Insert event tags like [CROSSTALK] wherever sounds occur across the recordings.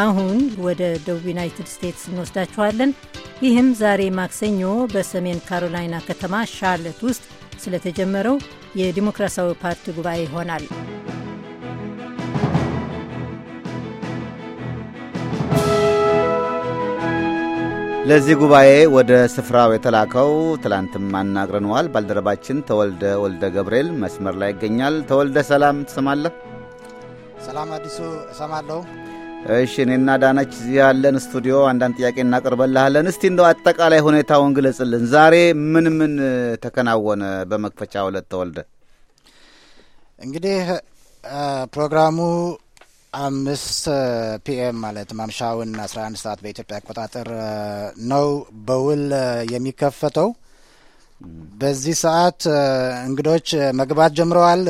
አሁን ወደ ደቡብ ዩናይትድ ስቴትስ እንወስዳችኋለን። ይህም ዛሬ ማክሰኞ በሰሜን ካሮላይና ከተማ ሻርለት ውስጥ ስለተጀመረው የዲሞክራሲያዊ ፓርቲ ጉባኤ ይሆናል። ለዚህ ጉባኤ ወደ ስፍራው የተላከው ትላንትም አናግረነዋል ባልደረባችን ተወልደ ወልደ ገብርኤል መስመር ላይ ይገኛል። ተወልደ ሰላም ትሰማለህ? ሰላም አዲሱ እሰማለሁ። እሺ እኔና ዳነች እዚህ ያለን ስቱዲዮ አንዳንድ ጥያቄ እናቀርበልሃለን። እስቲ እንደው አጠቃላይ ሁኔታውን ግለጽልን። ዛሬ ምን ምን ተከናወነ በመክፈቻ ሁለት ተወልደ? እንግዲህ ፕሮግራሙ አምስት ፒኤም ማለት ማምሻውን 11 ሰዓት በኢትዮጵያ አቆጣጠር ነው በውል የሚከፈተው። በዚህ ሰዓት እንግዶች መግባት ጀምረዋል።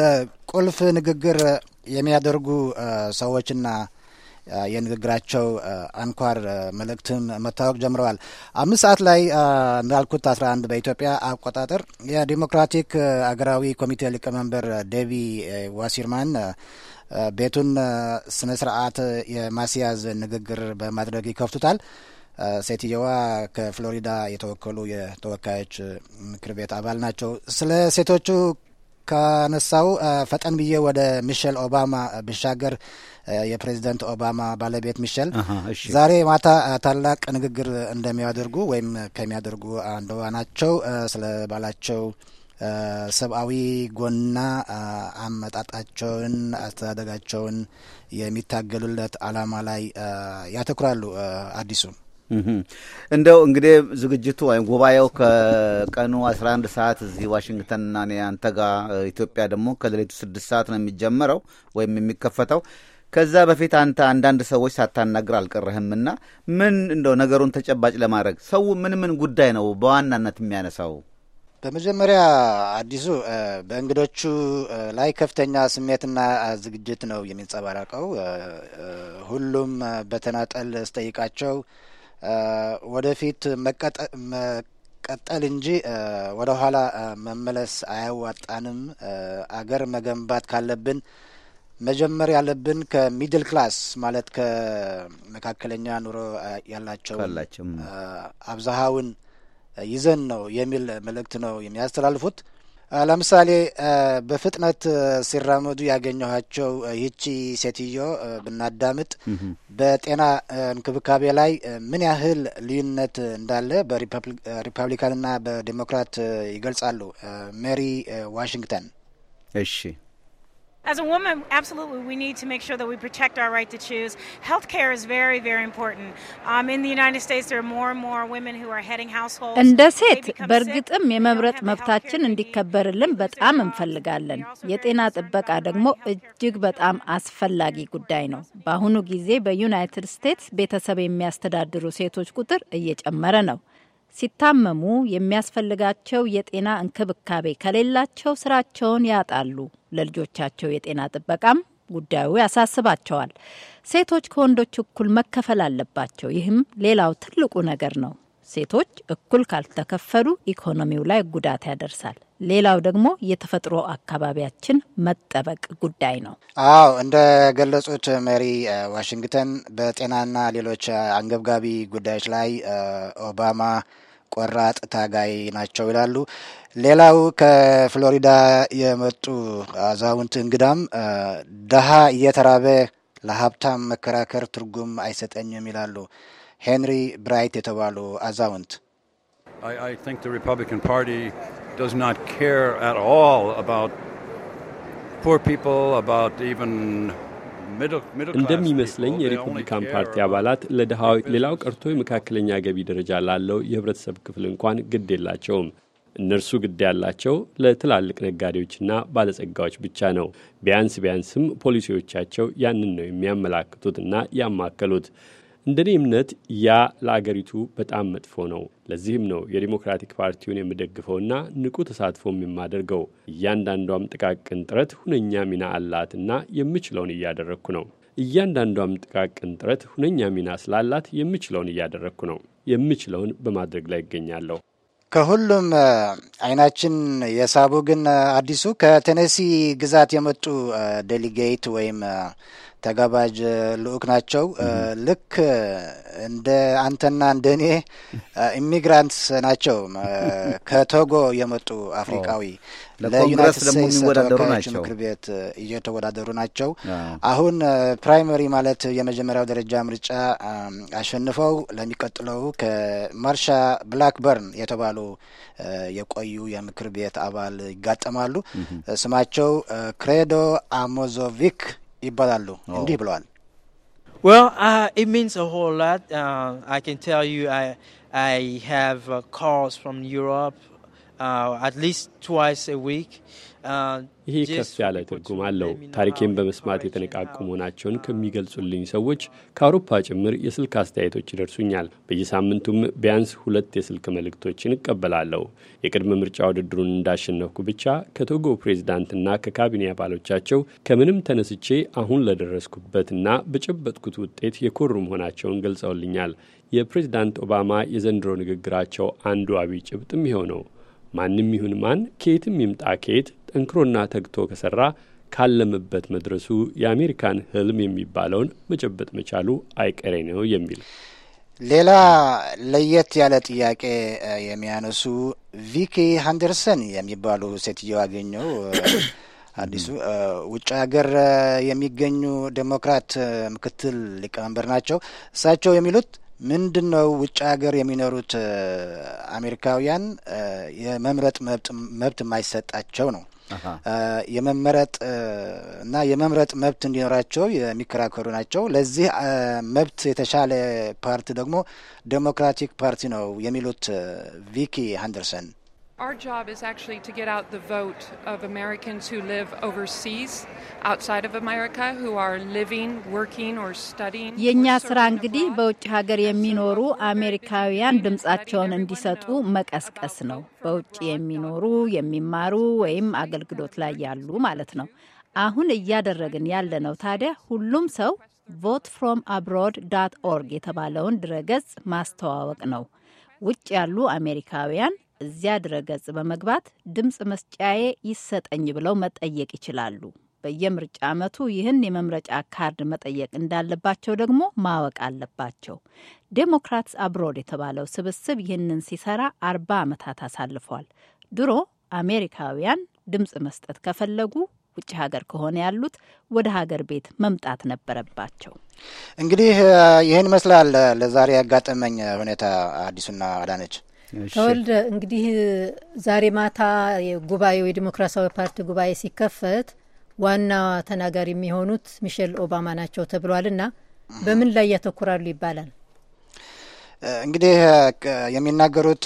ቁልፍ ንግግር የሚያደርጉ ሰዎችና የንግግራቸው አንኳር መልእክትም መታወቅ ጀምረዋል። አምስት ሰዓት ላይ እንዳልኩት አስራ አንድ በኢትዮጵያ አቆጣጠር የዲሞክራቲክ አገራዊ ኮሚቴ ሊቀመንበር ዴቪ ዋሲርማን ቤቱን ስነ ስርዓት የማስያዝ ንግግር በማድረግ ይከፍቱታል። ሴትየዋ ከፍሎሪዳ የተወከሉ የተወካዮች ምክር ቤት አባል ናቸው። ስለ ሴቶቹ ካነሳው ፈጠን ብዬ ወደ ሚሸል ኦባማ ብሻገር የፕሬዚደንት ኦባማ ባለቤት ሚሸል ዛሬ ማታ ታላቅ ንግግር እንደሚያደርጉ ወይም ከሚያደርጉ አንዷ ናቸው። ስለ ባላቸው ሰብአዊ ጎና አመጣጣቸውን፣ አስተዳደጋቸውን የሚታገሉለት አላማ ላይ ያተኩራሉ አዲሱ እንደው እንግዲህ ዝግጅቱ ወይም ጉባኤው ከቀኑ 11 ሰዓት እዚህ ዋሽንግተንና እኔ አንተ ጋር ኢትዮጵያ ደግሞ ከሌሊቱ ስድስት ሰዓት ነው የሚጀመረው ወይም የሚከፈተው። ከዛ በፊት አንተ አንዳንድ ሰዎች ሳታናግር አልቀረህምና ምን እንደው ነገሩን ተጨባጭ ለማድረግ ሰው ምን ምን ጉዳይ ነው በዋናነት የሚያነሳው? በመጀመሪያ አዲሱ በእንግዶቹ ላይ ከፍተኛ ስሜትና ዝግጅት ነው የሚንጸባረቀው። ሁሉም በተናጠል ስጠይቃቸው ወደፊት መቀጠል እንጂ ወደ ኋላ መመለስ አያዋጣንም። አገር መገንባት ካለብን መጀመር ያለብን ከሚድል ክላስ ማለት ከመካከለኛ ኑሮ ያላቸው አብዛሃውን ይዘን ነው የሚል መልእክት ነው የሚያስተላልፉት። ለምሳሌ በፍጥነት ሲራመዱ ያገኘኋቸው ይቺ ሴትዮ ብናዳምጥ በጤና እንክብካቤ ላይ ምን ያህል ልዩነት እንዳለ በሪፐብሊካንና በዴሞክራት ይገልጻሉ። ሜሪ ዋሽንግተን። እሺ As a woman, absolutely, we need to make sure that we protect our right to choose. Healthcare is very, very important. Um, in the United States, there are more and more women who are heading households. And እንደ ሴት በእርግጥም የመምረጥ መብታችን እንዲከበርልን በጣም እንፈልጋለን። የጤና ጥበቃ ደግሞ እጅግ በጣም አስፈላጊ ጉዳይ ነው። በአሁኑ ጊዜ በዩናይትድ ስቴትስ ቤተሰብ የሚያስተዳድሩ ሴቶች ቁጥር እየጨመረ ነው። ሲታመሙ የሚያስፈልጋቸው የጤና እንክብካቤ ከሌላቸው ስራቸውን ያጣሉ። ለልጆቻቸው የጤና ጥበቃም ጉዳዩ ያሳስባቸዋል። ሴቶች ከወንዶች እኩል መከፈል አለባቸው። ይህም ሌላው ትልቁ ነገር ነው። ሴቶች እኩል ካልተከፈሉ ኢኮኖሚው ላይ ጉዳት ያደርሳል። ሌላው ደግሞ የተፈጥሮ አካባቢያችን መጠበቅ ጉዳይ ነው። አዎ እንደ ገለጹት መሪ ዋሽንግተን በጤናና ሌሎች አንገብጋቢ ጉዳዮች ላይ ኦባማ ቆራጥ ታጋይ ናቸው ይላሉ። ሌላው ከፍሎሪዳ የመጡ አዛውንት እንግዳም ደሃ እየተራበ ለሀብታም መከራከር ትርጉም አይሰጠኝም ይላሉ። ሄንሪ ብራይት የተባሉ አዛውንት ሪፐብሊካን እንደሚመስለኝ የሪፑብሊካን ፓርቲ አባላት ለድሃው ሌላው ቀርቶ የመካከለኛ ገቢ ደረጃ ላለው የህብረተሰብ ክፍል እንኳን ግድ የላቸውም። እነርሱ ግድ ያላቸው ለትላልቅ ነጋዴዎችና ባለጸጋዎች ብቻ ነው። ቢያንስ ቢያንስም ፖሊሲዎቻቸው ያንን ነው የሚያመላክቱትና ያማከሉት። እንደኔ እምነት ያ ለአገሪቱ በጣም መጥፎ ነው። ለዚህም ነው የዲሞክራቲክ ፓርቲውን የምደግፈውና ንቁ ተሳትፎም የማደርገው። እያንዳንዷም ጥቃቅን ጥረት ሁነኛ ሚና አላትና የምችለውን እያደረግኩ ነው። እያንዳንዷም ጥቃቅን ጥረት ሁነኛ ሚና ስላላት የምችለውን እያደረግኩ ነው። የምችለውን በማድረግ ላይ ይገኛለሁ። ከሁሉም አይናችን የሳቡ ግን አዲሱ ከቴኔሲ ግዛት የመጡ ዴሊጌት ወይም ተጋባዥ ልኡክ ናቸው። ልክ እንደ አንተና እንደ እኔ ኢሚግራንትስ ናቸው። ከቶጎ የመጡ አፍሪካዊ ለኮንግረስ ደግሞ የሚወዳደሩ ናቸው፣ ምክር ቤት uh, እየተወዳደሩ ናቸው። አሁን uh, ፕራይመሪ ማለት የመጀመሪያው ደረጃ ምርጫ um, አሸንፈው ለሚቀጥለው ከማርሻ ብላክበርን የተባሉ uh, የቆዩ የምክር ቤት አባል ይጋጠማሉ። ስማቸው ክሬዶ አሞዞቪክ ይባላሉ። እንዲህ ብለዋል። Well, uh, it means a whole lot. Uh, I can tell you I, I have uh, calls from Europe, Uh, uh, ይሄ ከፍ ያለ ትርጉም አለው። ታሪኬን በመስማት የተነቃቁ መሆናቸውን ከሚገልጹልኝ ሰዎች ከአውሮፓ ጭምር የስልክ አስተያየቶች ይደርሱኛል። በየሳምንቱም ቢያንስ ሁለት የስልክ መልእክቶችን እቀበላለሁ። የቅድመ ምርጫ ውድድሩን እንዳሸነፍኩ ብቻ ከቶጎ ፕሬዚዳንትና ከካቢኔ አባሎቻቸው ከምንም ተነስቼ አሁን ለደረስኩበትና በጨበጥኩት ውጤት የኮሩ መሆናቸውን ገልጸውልኛል። የፕሬዝዳንት ኦባማ የዘንድሮ ንግግራቸው አንዱ አብይ ጭብጥም ይኸው ነው። ማንም ይሁን ማን ከየትም ይምጣ ከየት ጠንክሮና ተግቶ ከሠራ ካለምበት መድረሱ የአሜሪካን ህልም የሚባለውን መጨበጥ መቻሉ አይቀሬ ነው የሚል ሌላ ለየት ያለ ጥያቄ የሚያነሱ ቪኪ ሃንደርሰን የሚባሉ ሴትዮ አገኘው። አዲሱ ውጭ ሀገር የሚገኙ ዴሞክራት ምክትል ሊቀመንበር ናቸው። እሳቸው የሚሉት ምንድን ነው ውጭ ሀገር የሚኖሩት አሜሪካውያን የመምረጥ መብት የማይሰጣቸው ነው። የመመረጥ እና የመምረጥ መብት እንዲኖራቸው የሚከራከሩ ናቸው። ለዚህ መብት የተሻለ ፓርቲ ደግሞ ዴሞክራቲክ ፓርቲ ነው የሚሉት ቪኪ አንደርሰን Our job is actually to get out the vote of Americans who live overseas outside of America who are living, working or studying. የእኛ ስራ እንግዲህ በውጭ ሀገር የሚኖሩ አሜሪካውያን ድምጻቸውን እንዲሰጡ መቀስቀስ ነው። በውጭ የሚኖሩ የሚማሩ፣ ወይም አገልግሎት ላይ ያሉ ማለት ነው። አሁን እያደረግን ያለነው ታዲያ ሁሉም ሰው ቮት ፍሮም አብሮድ ዳት ኦርግ የተባለውን ድረገጽ ማስተዋወቅ ነው። ውጭ ያሉ አሜሪካውያን እዚያ ድረገጽ በመግባት ድምፅ መስጫዬ ይሰጠኝ ብለው መጠየቅ ይችላሉ። በየምርጫ ዓመቱ ይህን የመምረጫ ካርድ መጠየቅ እንዳለባቸው ደግሞ ማወቅ አለባቸው። ዴሞክራትስ አብሮድ የተባለው ስብስብ ይህንን ሲሰራ አርባ ዓመታት አሳልፏል። ድሮ አሜሪካውያን ድምፅ መስጠት ከፈለጉ ውጭ ሀገር ከሆነ ያሉት ወደ ሀገር ቤት መምጣት ነበረባቸው። እንግዲህ ይህን ይመስላል ለዛሬ ያጋጠመኝ ሁኔታ አዲሱና አዳነች። ተወልደ እንግዲህ ዛሬ ማታ ጉባኤው የዲሞክራሲያዊ ፓርቲ ጉባኤ ሲከፈት ዋና ተናጋሪ የሚሆኑት ሚሼል ኦባማ ናቸው ተብሏልና በምን ላይ ያተኩራሉ ይባላል? እንግዲህ የሚናገሩት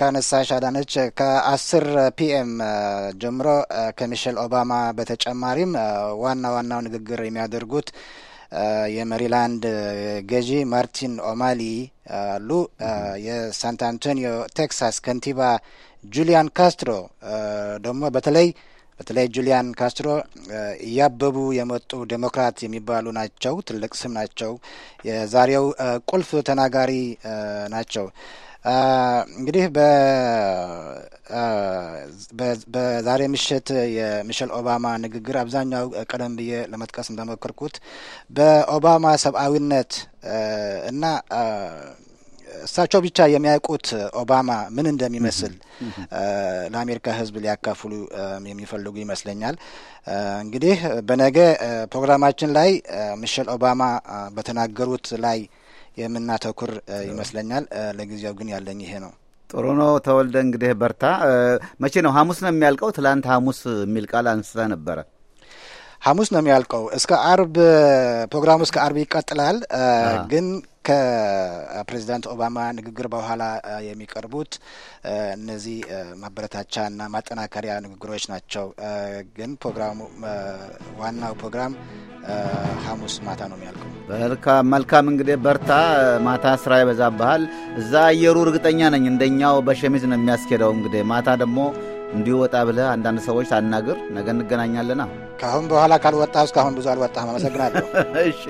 ከነሳሽ አዳነች ከአስር ፒኤም ጀምሮ ከሚሼል ኦባማ በተጨማሪም ዋና ዋናው ንግግር የሚያደርጉት የሜሪላንድ ገዢ ማርቲን ኦማሊ አሉ። የሳንት አንቶኒዮ ቴክሳስ ከንቲባ ጁሊያን ካስትሮ ደግሞ በተለይ በተለይ ጁሊያን ካስትሮ እያበቡ የመጡ ዴሞክራት የሚባሉ ናቸው። ትልቅ ስም ናቸው። የዛሬው ቁልፍ ተናጋሪ ናቸው። እንግዲህ በዛሬ ምሽት የሚሸል ኦባማ ንግግር አብዛኛው ቀደም ብዬ ለመጥቀስ እንደሞከርኩት በኦባማ ሰብአዊነት እና እሳቸው ብቻ የሚያውቁት ኦባማ ምን እንደሚመስል ለአሜሪካ ሕዝብ ሊያካፍሉ የሚፈልጉ ይመስለኛል። እንግዲህ በነገ ፕሮግራማችን ላይ ሚሸል ኦባማ በተናገሩት ላይ የምናተኩር ይመስለኛል። ለጊዜው ግን ያለኝ ይሄ ነው። ጥሩ ነው ተወልደ። እንግዲህ በርታ። መቼ ነው ሐሙስ ነው የሚያልቀው? ትላንት ሐሙስ የሚል ቃል አንስተ ነበረ። ሐሙስ ነው የሚያልቀው። እስከ አርብ ፕሮግራሙ እስከ አርብ ይቀጥላል ግን ከፕሬዚዳንት ኦባማ ንግግር በኋላ የሚቀርቡት እነዚህ ማበረታቻና ማጠናከሪያ ንግግሮች ናቸው። ግን ፕሮግራሙ ዋናው ፕሮግራም ሐሙስ ማታ ነው የሚያልቀው። መልካም እንግዲህ በርታ። ማታ ስራ ይበዛብሃል። እዛ አየሩ እርግጠኛ ነኝ እንደኛው በሸሚዝ ነው የሚያስኬደው። እንግዲህ ማታ ደግሞ እንዲሁ ወጣ ብለህ አንዳንድ ሰዎች ታናግር። ነገ እንገናኛለና ከአሁን በኋላ ካልወጣ እስካሁን ብዙ አልወጣም። አመሰግናለሁ። [LAUGHS] እሺ